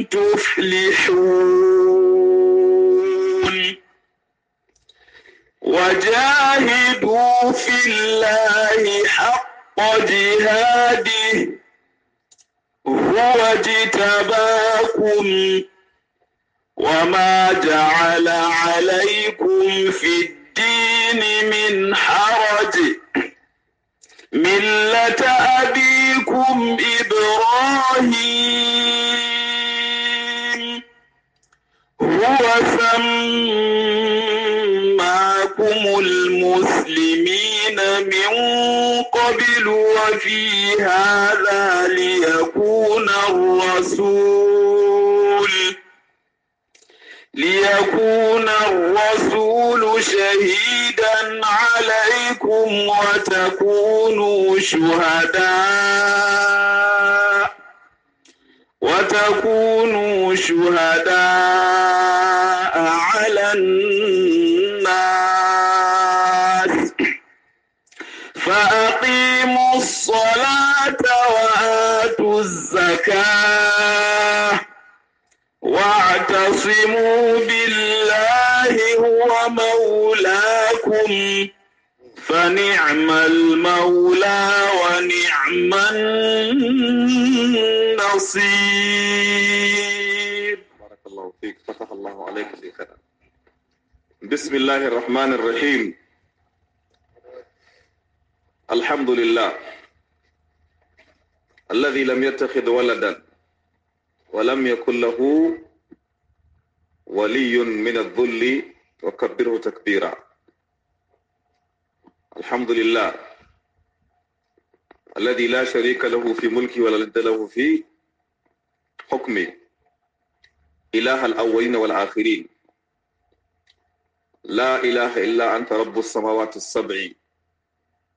تفلحون وجاهدوا في الله حق جهاده هو اجتباكم وما جعل عليكم في الدين من حرج ملة أبيكم إبراهيم هو سماكم المسلمين من قبل وفي هذا ليكون الرسول ليكون الرسول شهيدا عليكم وتكونوا شهداء وتكونوا شهداء على الناس فأقيموا الصلاة وآتوا الزكاة واعتصموا بالله هو مولاكم فنعم المولى ونعم النصير نصير بارك الله فيك فتح الله عليك شيخنا بسم الله الرحمن الرحيم الحمد لله الذي لم يتخذ ولدا ولم يكن له ولي من الذل وكبره تكبيرا الحمد لله الذي لا شريك له في ملكه ولا لد له في حكمه إله الأولين والآخرين لا إله إلا أنت رب السماوات السبع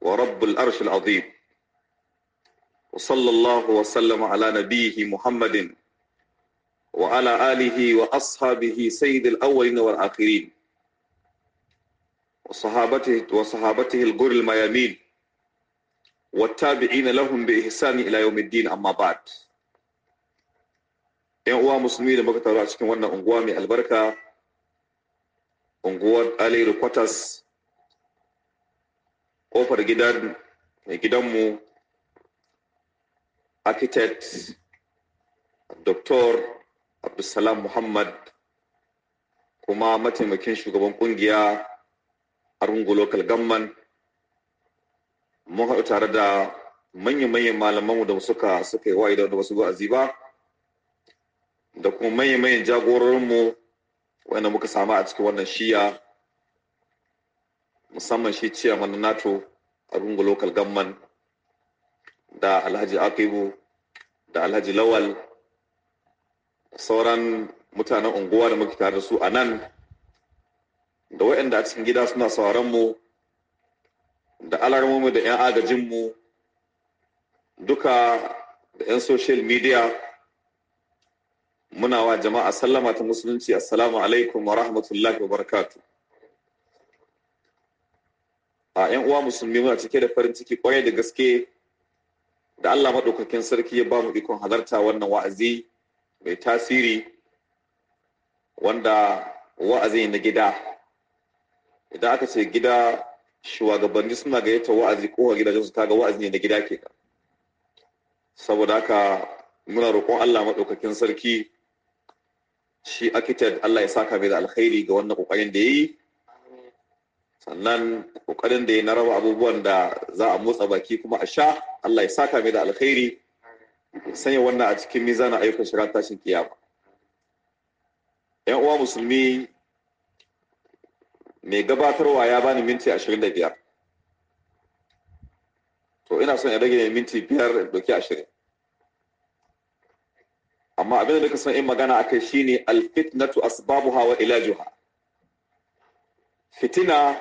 ورب الأرش العظيم وصلى الله وسلم على نبيه محمد وعلى آله وأصحابه سيد الأولين والآخرين وصحابته وصحابته الغر الميامين والتابعين لهم بإحسان إلى يوم الدين أما بعد yan uwa musulmi da muka taru a cikin wannan unguwa mai albarka unguwar aliru kwatas kofar gidan mai gidanmu architect dr abdulsalam muhammad kuma mataimakin shugaban kungiya a rungu local gamman mun haɗu tare da manyan-manyan malamanmu da suka suka yi wa'ida da wasu ba da kuma manya-manyan jagororinmu wanda muka samu a cikin wannan shiya musamman shi ciyaman na nato a rungu local gamman da alhaji akibu da alhaji lawal sauran mutanen unguwa da muke tare da su a nan da waɗanda a cikin gida suna sauranmu da alarmomi da 'yan agajinmu duka da 'yan social media muna wa jama'a sallama ta musulunci assalamu alaikum wa rahmatullahi wa barakatu a yan uwa musulmi muna cike da farin ciki kwarai da gaske da Allah maɗaukakin sarki ya ba mu ikon halarta wannan wa'azi mai tasiri wanda wa'azi na gida idan aka ce gida shugabanni suna gayyata wa'azi ko gidajen su ga wa'azi ne na gida ke saboda haka muna roƙon Allah maɗaukakin sarki shi architect Allah ya saka mai da alkhairi ga wannan kokarin da yi sannan kokarin da ya na raba abubuwan da za a motsa baki kuma a sha Allah ya saka mai da alkhairi sanya wannan a cikin mizanin ayyukan shirar tashin kiyama yan uwa musulmi mai gabatarwa ya bani minti ashirin da biyar to ina son ya rage minti biyar doki ashirin amma abin da nake son in magana akai shine alfitnatu asbabuha wa ilajuha fitina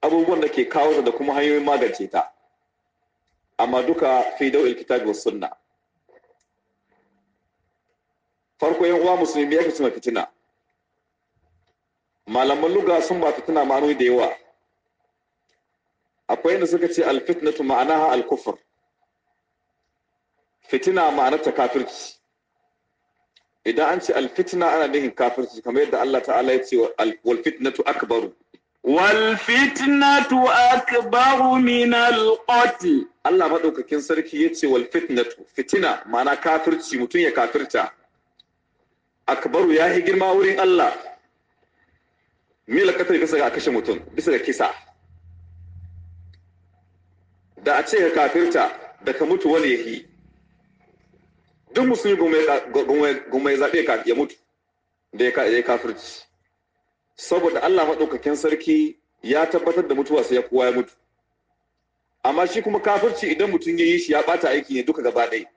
abubuwan da ke kawo da kuma hanyoyin magance ta amma duka fi dawil kitab wa sunna farko yan uwa musulmi yake suna fitina malaman luga sun ba fitina ma'anoni da yawa akwai inda suka ce alfitnatu ma'anaha alkufr fitina ma'anarta kafirci idan an ce alfitna ana nufin kafirci kamar yadda Allah ta'ala ya ce wal fitnatu akbaru wal akbaru min al Allah madaukakin sarki ya ce wal fitina ma'ana kafirci mutum ya kafirta akbaru ya yi girma wurin Allah mila katar bisa ga kashe mutum bisa ga kisa da a ce ka kafirta da ka mutu wani yahi duk musulmi goma ya zaɓe ya mutu da ya yi kafirci saboda Allah maɗaukakin sarki ya tabbatar da mutuwa sai ya kowa ya mutu amma shi kuma kafirci idan mutum ya yi shi ya ɓata aiki ne duka gaba ɗaya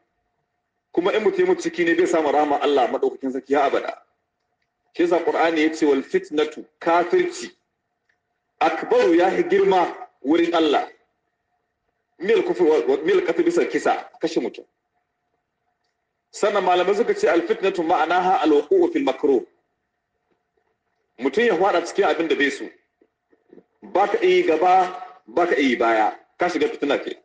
kuma in mutum ya mutu ciki ne bai samu rama Allah maɗaukakin sarki ya abada shi yasa Qur'ani ya ce wal fitnatu kafirci akbaru ya yi girma wurin Allah mil kafir bisa kisa kashe mutum sannan malamai suka ce alfitnatu ma'anaha alwuqu'u fil makruh mutum ya fada cikin abin da bai so baka yi gaba baka yi baya ka shiga fitina ke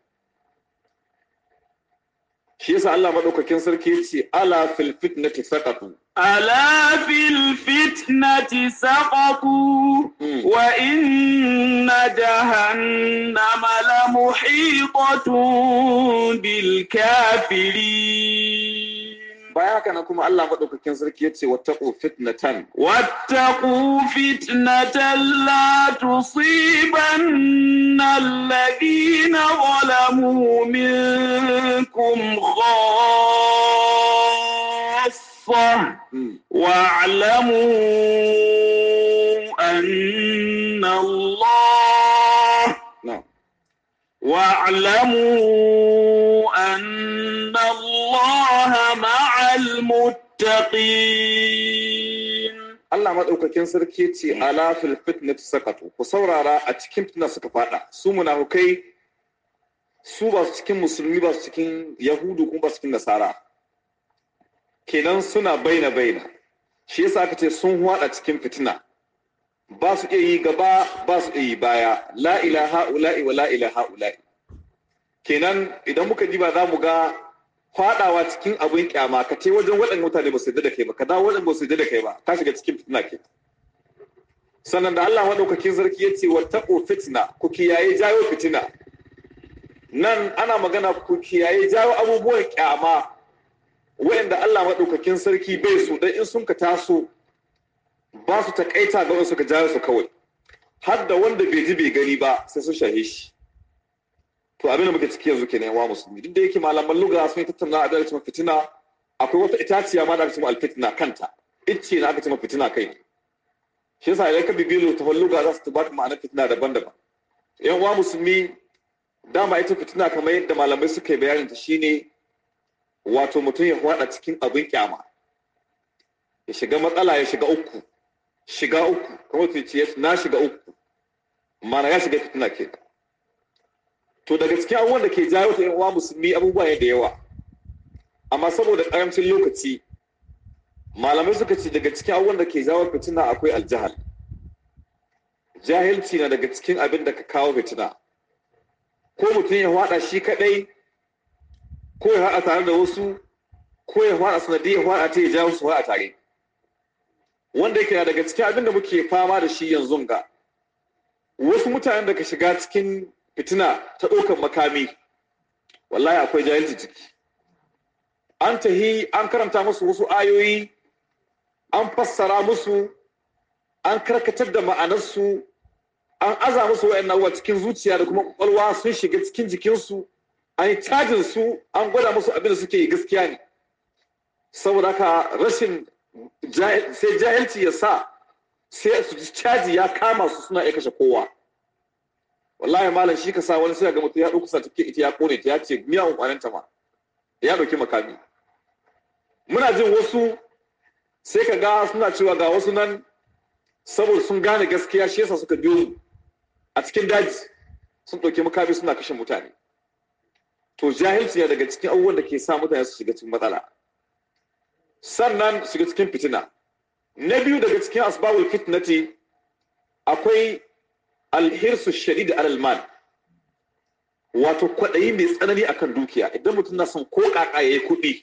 shi yasa Allah madaukakin sarki ya ce ala fil fitnati saqatu ala fil fitnati saqatu hmm. wa inna jahannama la muhitatun bil kafirin baya haka na kuma Allah maɗaukakin sarki ya ce wattaƙo fitnatan. Wattaƙo fitnatan la tusiban alladhina zalamu minkum khassa wa'lamu anna Allah wa'lamu anna Allah ma المتقين Allah maɗaukakin sarki ce ala fil fitnat sakatu ku saurara a cikin fitna suka fada su munafukai su ba su cikin musulmi ba su cikin yahudu kuma ba su cikin nasara kenan suna baina baina shi yasa aka ce sun hwada cikin fitina ba su iya yi gaba ba su iya yi baya la ilaha ula'i wa la ilaha ula'i kenan idan muka ji ba za mu ga faɗawa cikin abin kyama ka ce wajen waɗannan mutane ba su yarda da kai ba ka dawo waɗannan ba su yarda da kai ba ka shiga cikin fitina ke sannan da Allah madaukakin sarki ya ce ko fitina ku kiyaye jayo fitina nan ana magana ku kiyaye jayo abubuwan kyama waɗanda Allah maɗaukakin sarki bai su dan in sun ka taso ba su takaita ga wasu ka jayo su kawai har da wanda bai ji bai gani ba sai su shahe shi to abin da muke ciki yanzu kenan wa musulmi duk da yake malaman lugha sun yi tattauna a dalilin fitina akwai wata itaciya ma da aka ce alfitina kanta icce na aka ce fitina kai ne shi yasa idan ka bibi littafin lugha za su ba ma'anar fitina daban-daban yan wa musulmi dama ita fitina kamar yadda malamai suka yi bayanin ta shine wato mutum ya hwada cikin abin kyama ya shiga matsala ya shiga uku shiga uku kamar su ce na shiga uku ma'ana ya shiga fitina kenan to daga cikin an wanda ke jawo ta yan uwa musulmi abubuwa ne da yawa amma saboda karamcin lokaci malamai suka ce daga cikin abubuwan da ke jawo fitina akwai aljahal jahilci na daga cikin abin da ka kawo fitina ko mutum ya hwada shi kadai ko ya hada tare da wasu ko ya hwada sanadiyar hwada ta ya jawo su hwada tare wanda yake daga cikin abin da muke fama da shi yanzu ga wasu mutanen da ka shiga cikin fitina ta ɗaukar makami wallahi akwai jahilci ciki an tahi an karanta musu wasu ayoyi an fassara musu an karkatar da ma'anarsu an aza musu wa'yan nawa cikin zuciya da kuma kwakwalwa sun shiga cikin jikinsu an yi cajin su an gwada musu abin da suke yi gaskiya ne saboda haka rashin sai jahilci ya sa sai su caji ya kama su suna iya kashe kowa wallahi malam shi ka sa wani sai ga mutum ya dauki sake ita ya kone ta ya ce miya umfanin ta ma ya dauki makami muna jin wasu sai ka ga suna cewa ga wasu nan saboda sun gane gaskiya shi yasa suka biyo a cikin daji sun dauki makami suna kashe mutane to jahilci ne daga cikin abubuwan da ke sa mutane su shiga cikin matsala sannan shiga cikin fitina na biyu daga cikin asbabul fitnati akwai alhirsu shadid alal mal wato kwaɗayi mai tsanani akan dukiya idan mutum na son ko ƙaƙa ya yi kuɗi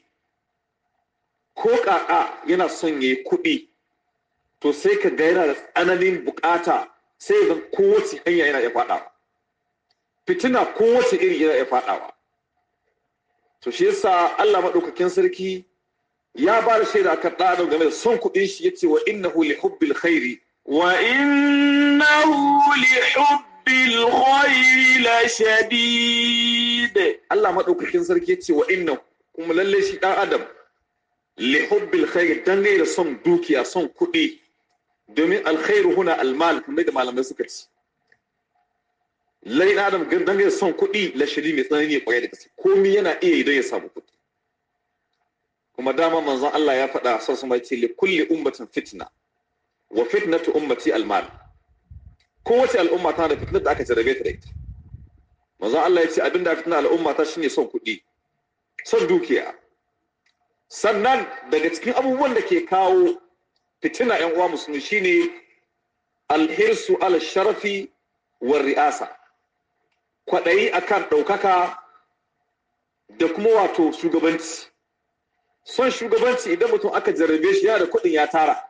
ko ƙaƙa yana son ya yi kuɗi to sai ka ga yana da tsananin buƙata sai ya zan kowace hanya yana ya faɗawa fitina kowace iri yana ya faɗawa to shi yasa Allah maɗaukakin sarki ya ba da shaida akan ɗaɗau game da son kuɗin shi yace wa innahu li hubbil khairi wa in إنه لحب الخير لشديد الله ما دوك كين سركي يتي وإنه كما للي شي دان آدم لحب الخير دنگي da son dukiya son kuɗi domin alkhairu huna almal kamar da malamai suka ci lai adam dangane da son kuɗi lashiri mai tsanani ya kwaye da gaske komi yana iya yi don ya samu kuɗi kuma dama manzon Allah ya faɗa son su mai ummatin fitna wa fitnatu ummati almal kowace al'umma tana da fitilar da aka jarabe ta da ita manzo Allah ya ce abin da fitinar al'umma ta shine son kuɗi son dukiya sannan daga cikin abubuwan da ke kawo fitina 'yan uwa musulmi shine alhirsu al sharafi wa ri'asa kwaɗayi akan ɗaukaka da kuma wato shugabanci son shugabanci idan mutum aka jarabe shi yana da kuɗin ya tara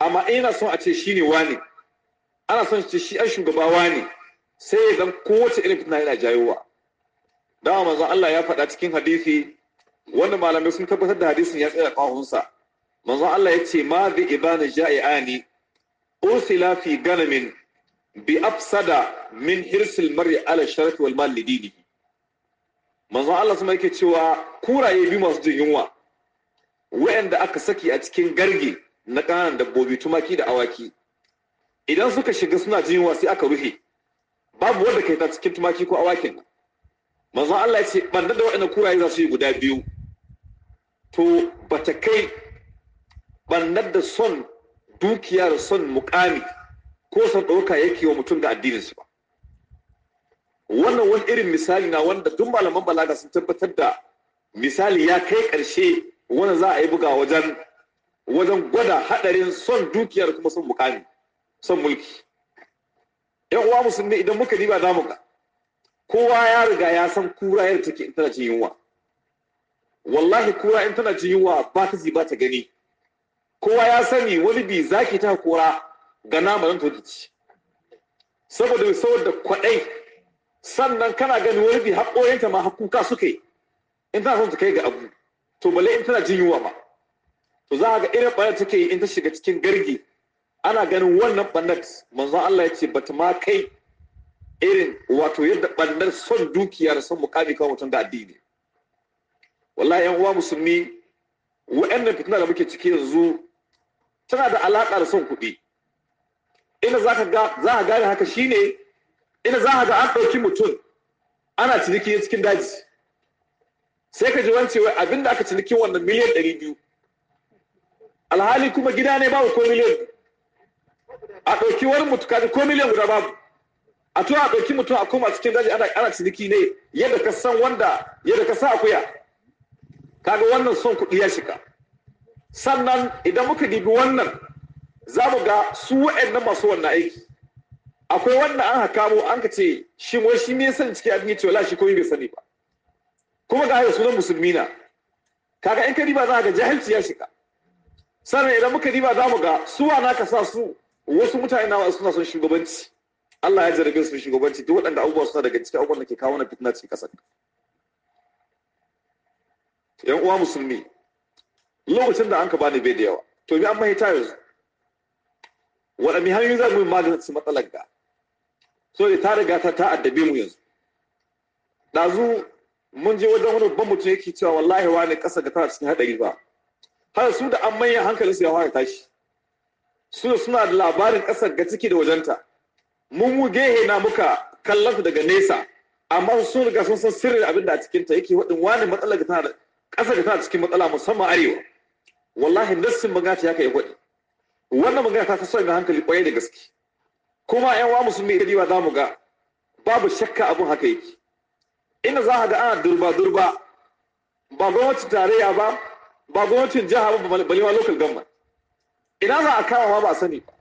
amma ina son a ce shi shine wane ana son ce shi an shugabawa ne sai ya zan kowace irin fitina yana jayowa dama manzon Allah ya faɗa cikin hadisi wanda malamai sun tabbatar da hadisin ya tsaya kahunsa manzon Allah ya ce ma bi ibana ja'iani ursila fi ganamin bi afsada min hirsil mar'i ala sharaf wal mal lidini manzon Allah sun yake cewa kuraye bi masu jin yunwa wa'anda aka saki a cikin garge na ƙananan dabbobi tumaki da awaki idan suka shiga suna jin yunwa sai aka rufe babu wanda kai ta cikin tumaki ko awakin manzo Allah ya ce banda da waɗannan kuraye za su yi guda biyu to bata kai bannar da son dukiya son mukami ko son ɗauka yake wa mutum da addininsu ba wannan wani irin misali na wanda duk malaman balaga sun tabbatar da misali ya kai ƙarshe wanda za a yi buga wajen wajen gwada haɗarin son dukiyar kuma son mukami son mulki yan uwa musulmi idan muka diba za mu ga kowa ya riga ya san kura yadda take in tana cin yunwa wallahi kura in tana cin yunwa ba ta ji ba ta gani kowa ya sani wani bi zaki ta kura ga nama don ta ci saboda saboda kwaɗai sannan kana gani wani bi haƙoyinta ma haƙuka suke in tana son ta kai ga abu to bale in tana jin yunwa ba. to za ga irin ɓarar take in ta shiga cikin gargi ana ganin wannan ɓannar manzon Allah ya ce bata ma kai irin wato yadda ɓannar son dukiya da son mukami kan mutum da addini wallahi yan uwa musulmi wa'annan fitina da muke ciki yanzu tana da alaƙa da son kuɗi ina za ka ga za ka gane haka shine ina za ka ga an ɗauki mutum ana ciniki cikin daji sai ka ji wance wai abinda aka ciniki wannan miliyan ɗari biyu alhali kuma gida ne babu ko miliyan a ɗauki wani mutu kaji ko miliyan guda babu a tura a ɗauki mutum a koma cikin daji ana ciniki ne yadda ka san wanda yadda ka sa akuya kaga wannan son kuɗi ya shiga sannan idan muka dibi wannan za mu ga su waɗannan masu wannan aiki akwai wanda an haka mu an ka ce shi wai shi ne san ciki abin cewa shi komai bai sani ba kuma ga haka sunan musulmi na kaga in ka diba za ka ga jahilci ya shiga sannan idan muka riba za mu ga suwa na ka sa su wasu mutane na suna son shugabanci Allah ya zargin su shugabanci duk waɗanda abubuwa suna daga cikin abubuwan da ke kawo na fitna cikin ƙasar yan uwa musulmi lokacin da an ka bani bai da yawa to bi an mahita yanzu waɗanne mi hanyoyi za mu yi maganin su matsalar ga so da ta riga ta ta'addabe mu yanzu ɗazu mun je wajen wani babban mutum yake cewa wallahi wani ƙasa ga tana cikin haɗari ba har su da an manyan hankalin su ya fara tashi su suna da labarin ƙasar ga ciki da wajenta mun mu gehe na muka kallon daga nesa amma sun riga sun san sirrin abin da a cikin ta yake waɗin wani matsalar ta da ƙasar ga tana cikin matsala musamman arewa wallahi nassin magana ta kai wadi wannan magana ta kasuwa ga hankali kwaye da gaske kuma ƴan wa musulmi da za mu ga babu shakka abin haka yake ina za a ga ana durba durba ba gwamnatin tarayya ba ba gwamnatin jiha ba balewa local ina za a kama ma ba sani ba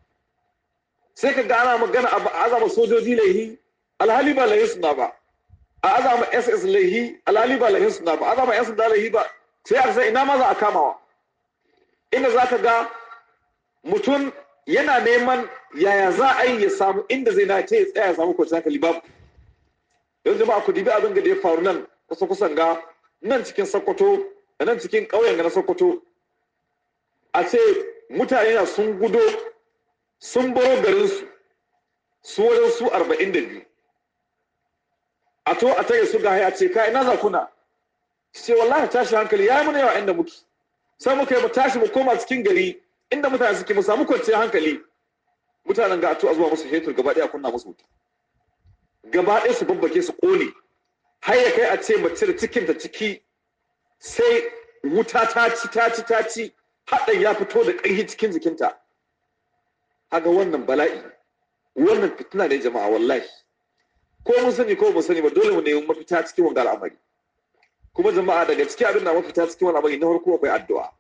sai ka gana magana a azama sojoji laihi alhali ba laihi suna ba a azama ss laihi alhali ba laihi suna ba azama yan sanda laihi ba sai a san ina ma za a kamawa inda za ka ga mutum yana neman yaya za a yi ya samu inda zai na ce ya tsaya ya samu kwanci hankali ba yanzu ba ku dibi abin da ya faru nan kusa kusan ga nan cikin sokoto da nan cikin ƙauyen ga na sokoto a ce mutane na sun gudo sun baro garinsu su wajen su arba'in da biyu a to a tare su ga haya ce ka ina zakuna kuna ce wallahi tashi hankali ya muna yawa inda muke sai muka yi mu tashi mu koma cikin gari inda mutane suke mu samu kwanciyar hankali mutanen ga a to a zuwa musu hetur gaba daya kunna musu wuta gaba ɗaya su babbake su kone har ya kai a ce mace da cikinta ciki sai wuta ta ci ta ci ta ci haɗin ya fito da ƙarfi cikin jikinta haga wannan bala'i wannan fitina ne jama'a wallahi ko mun sani ko mun sani ba dole mu nemi mafita cikin wanga al'amari kuma jama'a daga ciki abin da mafita cikin wani al'amari na farko akwai addu'a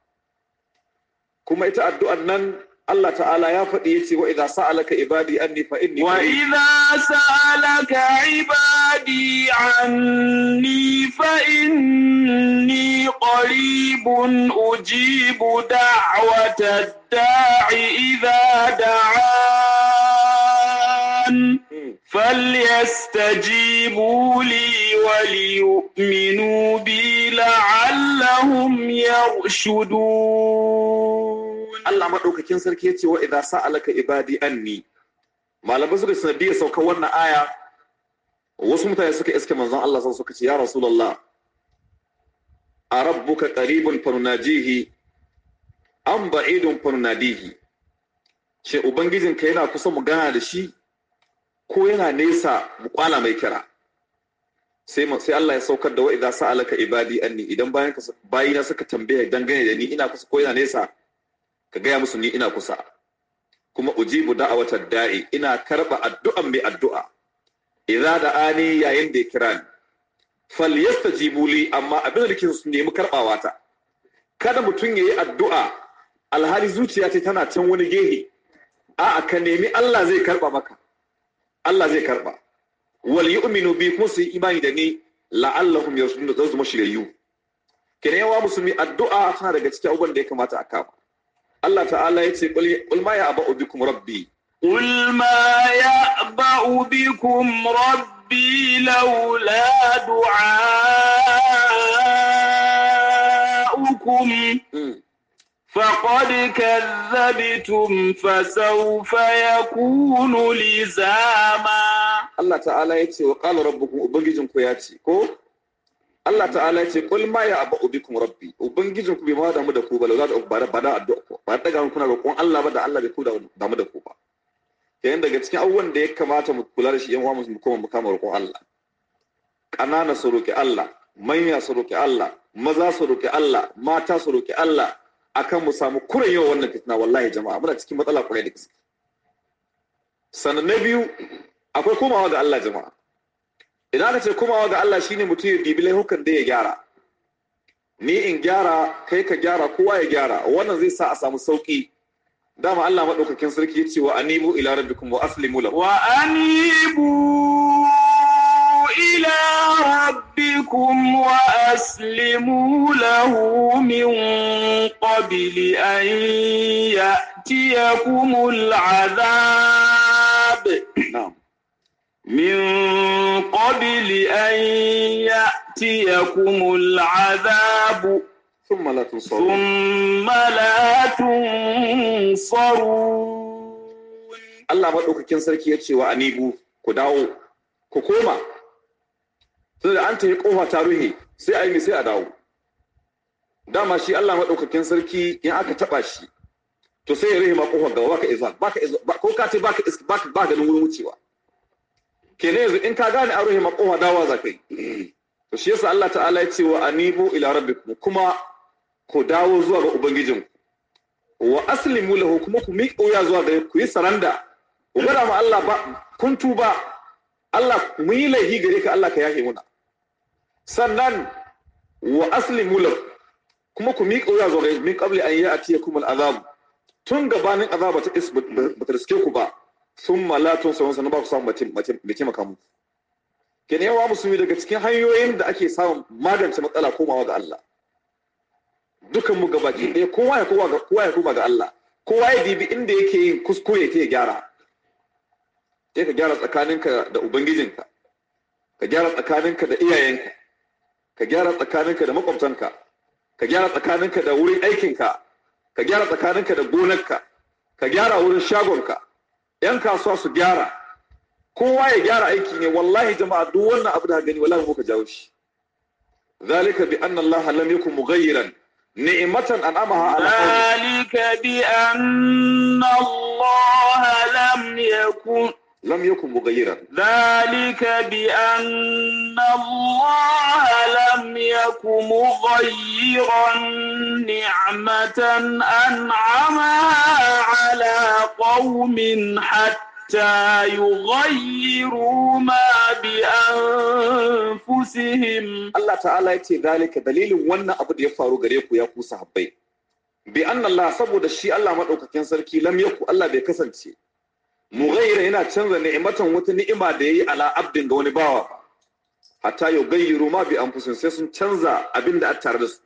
kuma ita addu'an nan الله تعالى يا فديتي وإذا سألك عبادي أني فإني وإذا سألك عبادي عني فإني قريب أجيب دعوة الداع إذا دعان فليستجيبوا لي وليؤمنوا بي لعلهم يرشدون Allah maɗaukakin sarki ya ce wa idan sa'alaka ibadi anni malamai suka ya saukar wannan aya wasu mutane suka iske manzon Allah sun suka ce ya rasulullah a rabbuka qaribun fanunajihi an ba'idun fanunadihi shi ka yana kusa mu gana da shi ko yana nesa mu kwala mai kira sai sai Allah ya saukar da wa idan sa'alaka ibadi anni idan bayan bayina suka tambaye dangane da ni ina kusa ko yana nesa ka gaya musu ni ina kusa kuma ujibu da'awatar da'i ina karba addu'an mai addu'a idza da'ani yayin da ya kira ni falyastajibu li amma abin da kin nemi karbawa ta kada mutum yayi addu'a alhali zuciya ce tana can wani gehe a'a ka nemi Allah zai karba maka Allah zai karba wal yu'minu bi kuma su imani da ni la'allahum yarshudun da zama shiryayyu kenan yawa musulmi addu'a tana daga cikin abubuwan da ya kamata a kama الله تعالى يقول قل ما يعبأ بكم ربي قل ما يعبأ بكم ربي لولا دعاؤكم فقد كذبتم فسوف يكون لزاما الله تعالى يتي وقال ربكم أبنجيكم ياتي كو الله تعالى يتي قل ما يعبأ بكم ربي أبنجيكم بما دام دكوبا لو لا بدا أدوك ba daga hankuna roƙon Allah ba da Allah bai da damu da ku ba kenan daga cikin abubuwan da ya kamata mu kula da shi yan uwa mu koma mu kama roƙon Allah ƙanana su roƙi Allah manya su roƙi Allah maza su roƙi Allah mata su roƙi Allah akan mu samu kuren yawa wannan fitina wallahi jama'a muna cikin matsala kwarai da gaske sannan na biyu akwai komawa ga Allah jama'a idan aka ce komawa ga Allah shine mutum ya bibi laihukan da ya gyara ni in gyara kai ka gyara kowa ya gyara wannan zai sa a samu sauki dama Allah maɗaukakin sarki ya ce wa anibu ila rabbikum wa aslimu lahu wa anibu ila rabbikum wa aslimu lahu min qabli an ya'tiyakumul azab na'am min qabli an يأتيكم العذاب ثم لا تنصرون ثم لا تنصرون الله maɗaukakin sarki ya ce wa ku dawo ku koma da an tafi ƙofa ta ruhe sai a yi mai sai a dawo dama shi Allah maɗaukakin sarki in aka taɓa shi to sai ya ruhe ma ƙofar gaba baka izuwa baka izuwa ko ka ce baka baka ba ganin wurin wucewa kenan yanzu in ka gane a ruhe ma ƙofa dawa za ka yi to shi yasa Allah ta'ala ya ce wa anibu ila rabbikum kuma ku dawo zuwa ga ubangijinku wa aslimu lahu kuma ku miƙa wuya zuwa ga ku yi saranda ku gada ma Allah ba kun tuba Allah mu yi laifi gare ka Allah ka yafe muna sannan wa aslimu lahu kuma ku miƙa wuya zuwa ga min qabli an ya'tiyakum al'azab tun gabanin azaba ta isbat ba ta riske ku ba thumma la tunsawun sanan ba ku samu mace mace mace makamu ke yawa musulmi daga cikin hanyoyin da ake samun magance matsala komawa ga Allah dukan mu gabaki ɗaya kowa ya kowa ga kowa ya koma ga Allah kowa ya bibi inda yake yin kuskure ta ya gyara sai ka gyara tsakaninka da ubangijinka ka gyara tsakaninka da iyayenka ka gyara tsakaninka da makwabtanka ka gyara tsakaninka da wurin aikinka ka gyara tsakaninka da gonarka ka gyara wurin shagonka yan kasuwa su gyara kowa ya gyara aiki ne wallahi jama'a duk wannan abu da ذلك بأن الله لم يكن مغيرا نعمة أنعمها على ذلك بأن الله لم يكن لم يكن مغيرا ذلك بأن الله لم يكن مغيرا نعمة أنعمها على قوم حتى حتى يغيروا ما بأنفسهم الله تعالى يتي ذلك دليل وانا أبدا يفارو غريكو يكو صحبي بأن الله سبو دشي الله مدعوك كان سركي لم يكو الله بيكسن شي مغير هنا تنزى نعمة وتنعمة دي على عبد غوني باوا حتى يغيروا ما بأنفسهم سيسن تنزى أبين دا أتاردس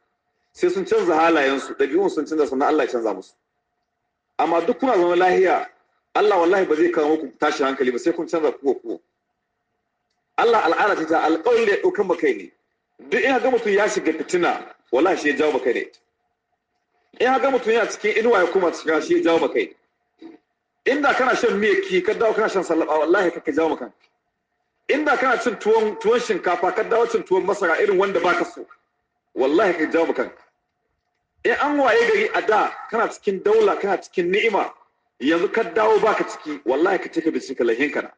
sai sun canza halayensu ɗabi'un sun canza sannan Allah ya canza musu amma duk kuna zama lahiya Allah wallahi ba zai kawo muku tashi hankali ba sai kun canza kuwa kuwa Allah al'ada ta alƙawari da ya ɗaukan maka ne duk ina ga mutum ya shiga fitina wallahi shi ya jawo maka ne In ga mutum yana cikin inuwa ya kuma shiga shi ya jawo maka ne inda kana shan miya ki ka dawo kana shan sallaba wallahi ka jawo maka inda kana cin tuwon tuwon shinkafa ka dawo cin tuwon masara irin wanda baka so wallahi ka jawo maka in an waye gari a da kana cikin daula kana cikin ni'ima yanzu ka dawo baka ciki wallahi ka cika ka lahin na.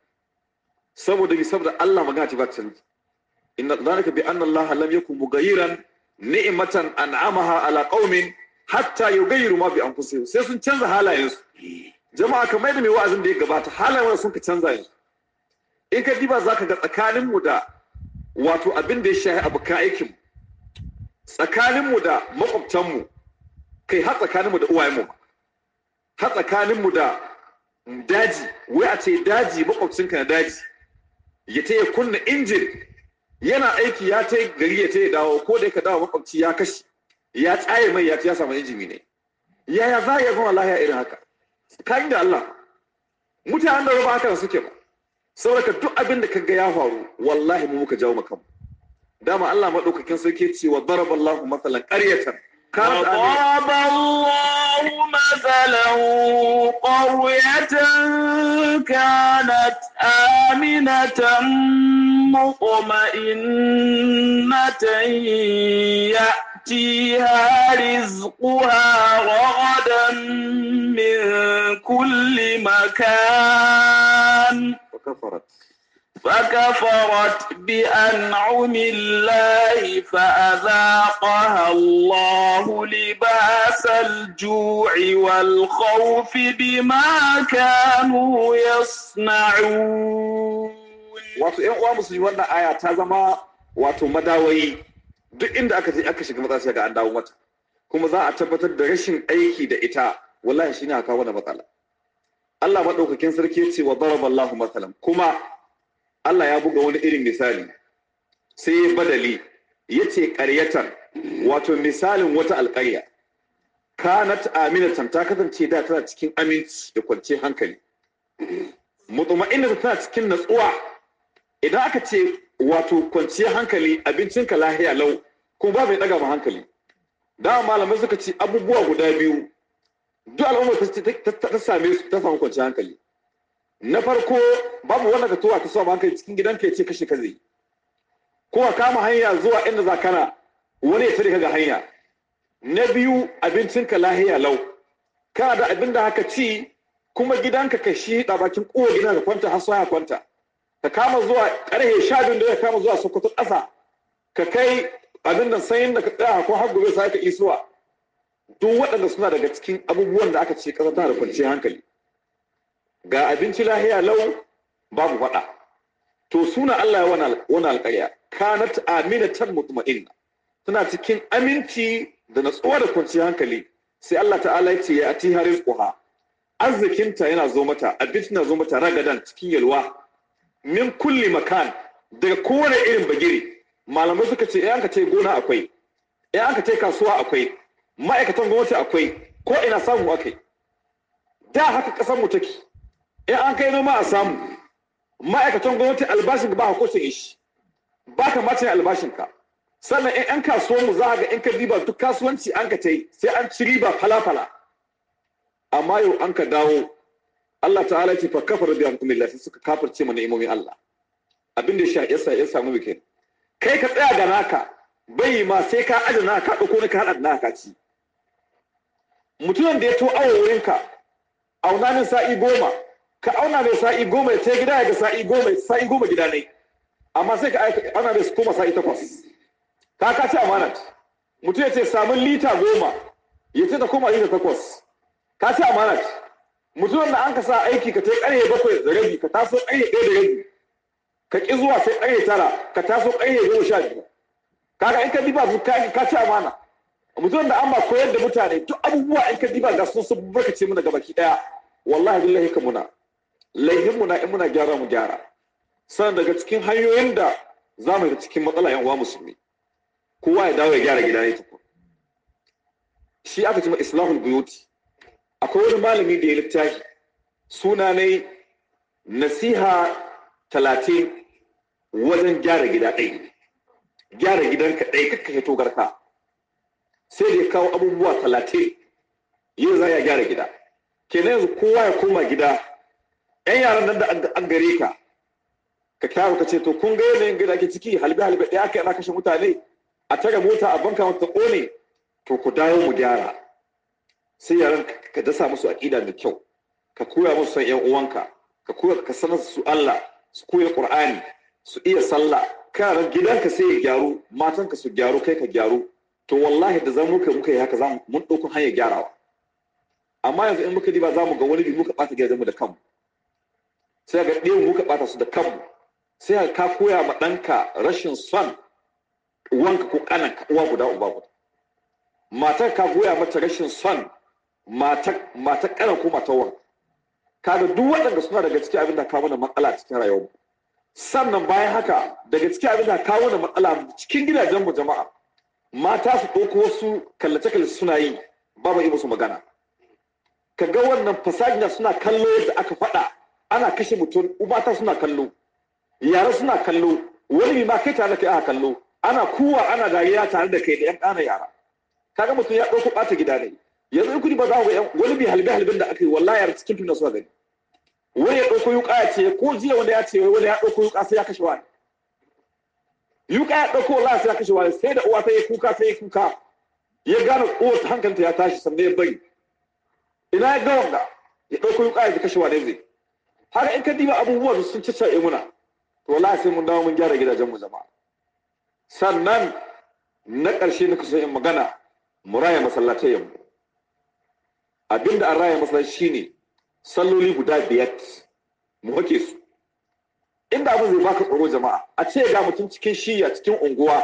saboda bi saboda Allah magana ta ba ta canji inna dhalika bi anna Allah lam yakun mughayyiran ni'matan an'amaha ala qaumin hatta yughayyiru ma bi anfusihim sai sun canza halayen su. jama'a kamar da mai wa'azin da ya gabata halayen sun ka canza yanzu in ka diba zaka ga tsakanin mu da wato abin da ya shahi abu ka aikin tsakanin mu da makwabtan mu kai har tsakanin mu da uwayen mu ba har tsakaninmu da daji wai a ce daji makwabcinka na daji ya ta ya kunna injin yana aiki ya ta gari ya ta yi dawo ko da ya ka dawo makwabci ya kashe ya tsaye mai ya ya samu injimi ne yaya za ya zama lahiya irin haka kayan da Allah mutanen da raba haka da suke ba sauraka duk abin da kaga ya faru wallahi mu muka jawo makamu dama Allah madaukakin sarki ce wa daraballahu masalan qaryatan وضرب الله مثلا قرية كانت آمنة مطمئنة يأتيها رزقها رغدا من كل مكان وكفرت فكفرت بأنعم الله فأذاقها الله لباس الجوع والخوف بما كانوا يصنعون wato ƴan uwa musulmi wannan aya ta zama wato madawayi duk inda aka je aka shiga matsala ga an dawo mata kuma za a tabbatar da rashin aiki da ita wallahi shine aka kawo da matsala Allah madaukakin sarki ya ce wa daraballahu matsalan kuma Allah ya buga wani irin misali sai ya badali ya ce ƙaryatar wato misalin wata alƙarya kanat aminatan ta kasance da tana cikin aminci da kwanciyar hankali ta tana cikin natsuwa idan aka ce wato kwanciyar hankali abincinka lahiya lau kuma ba mai ɗaga ma hankali da malamai suka ce abubuwa guda biyu duk al'ummar ta same su ta samu kwanciyar hankali na farko babu wanda ka tuwa ta so a kai cikin gidanka ya ce kashe ka zai ko a kama hanya zuwa inda za kana wani ya tare ka ga hanya na biyu abincin ka lahiya lau kana da abin da haka ci kuma gidanka ka shi da bakin kowa gidan ka kwanta har sai kwanta ka kama zuwa karhe biyu da ka kama zuwa Sokoto ƙasa ka kai abin da sayin da ka tsaya ko har gobe sa ka isuwa duk waɗanda suna daga cikin abubuwan da aka ce ƙasa tana da kwanciyar hankali ga abinci lahiya lau babu faɗa to suna Allah ya wani alƙarya kanat aminatan mutma'inna tana cikin aminci da natsuwa da kwanciyar hankali sai Allah ta'ala ya ce ya ati harin kuha arzikinta yana zo mata abinci na zo mata ragadan cikin yalwa min kulli makan daga kowane irin bagiri malamai suka ce ‘yan ka ce gona akwai ‘yan ka ce kasuwa akwai ma'aikatan gwamnati akwai ko ina samu akai da haka ƙasar mu take in an kai noma a samu ma'aikatan gwamnati albashin ba ka kusa shi ba ka mace albashin ka sannan in 'yan kasuwanmu mu za ga in ka riba duk kasuwanci an ka tai sai an ci riba fala-fala amma yau an ka dawo Allah ta'ala ce fa kafar da an kumilla suka kafirce mana imomin Allah abin da ya sa ya samu kai ka tsaya da naka bai ma sai ka adana ka ɗauko ne ka hada naka ci mutumin da ya to awo wurinka auna min sa'i goma ka auna mai sa'i goma ya ta gida ya ga sa'i goma sa'i goma gida ne amma sai ka auna mai su sa'i takwas ka ka ci amana mutum ya ce samun lita goma ya ce ta koma lita takwas ka ci amana mutum wanda an ka sa aiki ka ta ƙarye bakwai da rabi ka taso ƙarye ɗaya da rabi ka ƙi zuwa sai ƙarye tara ka taso ƙarye goma sha biyu Ka ga in ka diba su ka ci amana mutum da an ba koyar da mutane duk abubuwa in ka diba ga sun sun barkace mu daga baki ɗaya wallahi billahi ka muna laihinmu na in muna gyara mu gyara sannan daga cikin hanyoyin da za mu cikin matsala yan uwa musulmi kowa ya dawo ya gyara gida ne tukun shi aka ce islahul buyuti akwai wani malami da ya littafi suna ne nasiha talatin wajen gyara gida ɗaya gyara gidanka ɗaya kakka hito togarka. sai da ya kawo abubuwa talatin yin za ya gyara gida kenan yanzu kowa ya koma gida yan yaran nan da an gare ka ka kyawu ka ce to kun ga yanayin gida ake ciki halbe halbe ɗaya ka yana kashe mutane a tare mota a banka wata ƙone to ku dawo mu gyara sai yaran ka dasa musu aƙida da kyau ka koya musu san yan uwanka ka koya ka sanar su Allah su koya Qur'ani su iya sallah kana gidanka sai ya gyaru matanka su gyaru kai ka gyaru to wallahi da zan muka muka yi haka mun ɗauko hanyar gyarawa amma yanzu in muka diba za mu ga wani bi muka ɓata gidajenmu da kanmu sai ga ɗaya muka ɓata su da kanmu sai ka koya ma ɗanka rashin son wanka ko ƙanan uwa guda uba guda matar ka goya mata rashin son matar ƙanan ko matar wanka kaga duk waɗanda suna daga cikin abin da kawo mana matsala cikin rayuwarmu sannan bayan haka daga cikin abin da kawo mana matsala cikin gidajenmu jama'a mata su ɗauko wasu kallace-kallace suna yi babu ba yi musu magana ka ga wannan fasajina suna kallo yadda aka faɗa ana kashe mutum ubata suna kallo yara suna kallo wani ma kai tare da kai aka kallo ana kuwa ana dariya tare da kai da yan ƙana yara kaga mutum ya ɗauko ɓata gida ne yanzu in kudi ba za ku ga wani bi halbe halben da aka yi wallahi yara cikin tunan suka gani wani ya ɗauko yuƙa ya ce ko jiya wanda ya ce wani ya ɗauko yuƙa sai ya kashe wani yuƙa ya ɗauko wallahi sai ya kashe wani sai da uwa ta yi kuka sai ya kuka ya gane uwar hankalinta ya tashi sannan ya bari ina ya ga wanda ya ɗauko yuƙa ya kashe wani zai haka in ka diba abubuwan sun ci sai muna to wallahi sai mun dawo mun gyara gidajen mu jama'a sannan na ƙarshe na kusa in magana mu raya masallatai mu. abinda an raya masallaci shine salloli guda biyar mu hake su inda abin zai baka tsoro jama'a a ce ga mutum cikin shiya cikin unguwa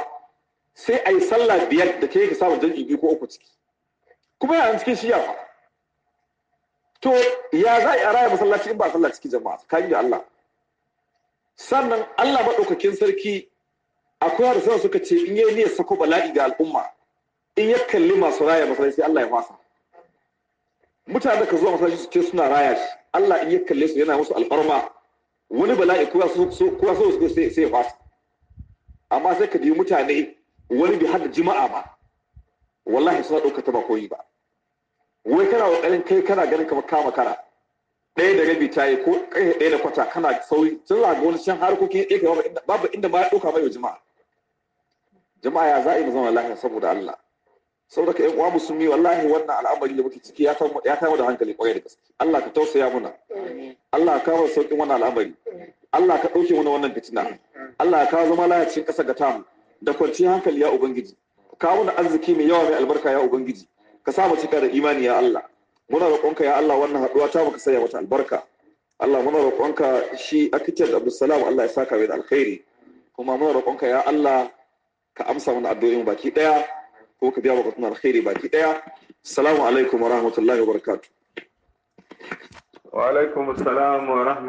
sai a yi sallah biyar da ke ka samun jan biyu ko uku ciki kuma yana cikin shiya fa to ya za a raya masallaci in ba sallah cikin jama'a tsakani da Allah sannan Allah maɗaukakin sarki akwai harsuna suka ce in yi niyyar sako bala'i ga al'umma in ya kalli masu raya masallaci sai Allah ya fasa mutane da ka zuwa masallaci su ce suna raya shi Allah in ya kalle su yana musu alfarma wani bala'i kowa so kowa so sai ya fasa amma sai ka bi mutane wani bi hada jima'a ba wallahi suna ɗaukata ba koyi ba wai kana kokarin kai kana ganin kamar kama kara ɗaya da rabi ta yi ko kai ɗaya da kwata kana sauri tun zaga wani can harkokin ɗaya kai babu inda ma ya ɗauka mai jama'a jama'a ya za'a yi mu zama lahiya saboda Allah saboda ka ƴan uwa musulmi wallahi wannan al'amari da muke ciki ya kama da hankali kwarai da gaske Allah ka tausaya muna Allah ka kawo sauƙin wannan al'amari Allah ka ɗauke mana wannan fitina Allah ka kawo zama lafiya cikin ga tamu da kwanciyar hankali ya ubangiji kawo da arziki mai yawa mai albarka ya ubangiji ka sa mu cika da imani ya Allah muna roƙonka ya Allah wannan haɗuwa ta muka sanya mata albarka Allah muna roƙonka shi akitar Abdulsalam Allah ya saka mai da alkhairi kuma muna roƙonka ya Allah ka amsa mana addu'o'in baki ɗaya ko ka biya bukatun alkhairi baki ɗaya assalamu alaikum wa rahmatullahi wa barakatuh wa alaikum assalam wa rahmatullahi